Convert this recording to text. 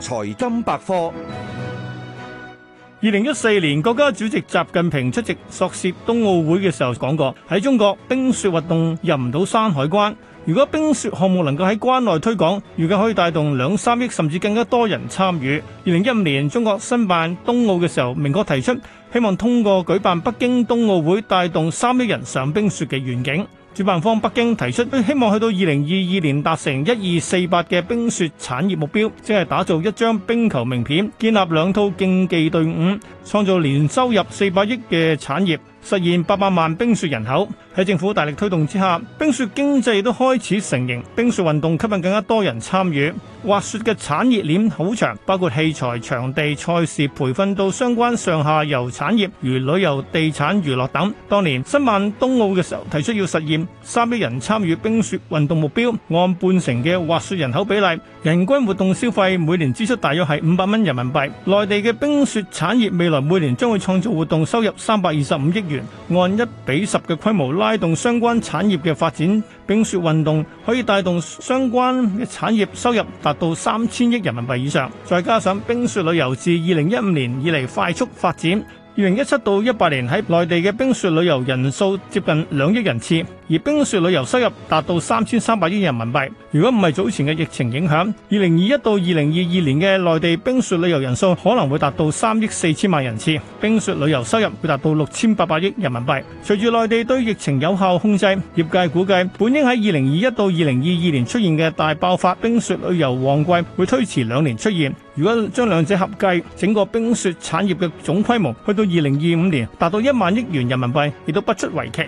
財金百科。二零一四年，國家主席習近平出席索契冬奧會嘅時候講過：喺中國，冰雪活動入唔到山海關。如果冰雪項目能夠喺關內推廣，預計可以帶動兩三億甚至更加多人參與。二零一五年，中國申辦冬奧嘅時候，明確提出，希望通過舉辦北京冬奧會帶動三億人上冰雪嘅願景。主辦方北京提出希望去到二零二二年達成一二四八嘅冰雪產業目標，即係打造一張冰球名片，建立兩套競技隊伍，創造年收入四百億嘅產業，實現八百萬冰雪人口。喺政府大力推動之下，冰雪經濟都開始成型，冰雪運動吸引更加多人參與，滑雪嘅產業鏈好長，包括器材、場地、賽事、培訓到相關上下游，產業如旅遊、地產、娛樂等。當年申辦冬奧嘅時候，提出要實現三億人參與冰雪運動目標。按半成嘅滑雪人口比例，人均活動消費每年支出大約係五百蚊人民幣，內地嘅冰雪產業未來每年將會創造活動收入三百二十五億元。按一比十嘅規模拉動相關產業嘅發展，冰雪運動可以帶動相關嘅產業收入達到三千億人民幣以上。再加上冰雪旅遊自二零一五年以嚟快速發展。二零一七到一八年喺內地嘅冰雪旅遊人數接近兩億人次，而冰雪旅遊收入達到三千三百億人民幣。如果唔係早前嘅疫情影響，二零二一到二零二二年嘅內地冰雪旅遊人數可能會達到三億四千萬人次，冰雪旅遊收入會達到六千八百億人民幣。隨住內地對疫情有效控制，業界估計本應喺二零二一到二零二二年出現嘅大爆發冰雪旅遊旺季會推遲兩年出現。如果將兩者合計，整個冰雪產業嘅總規模去到二零二五年達到一萬億元人民幣，亦都不足為奇。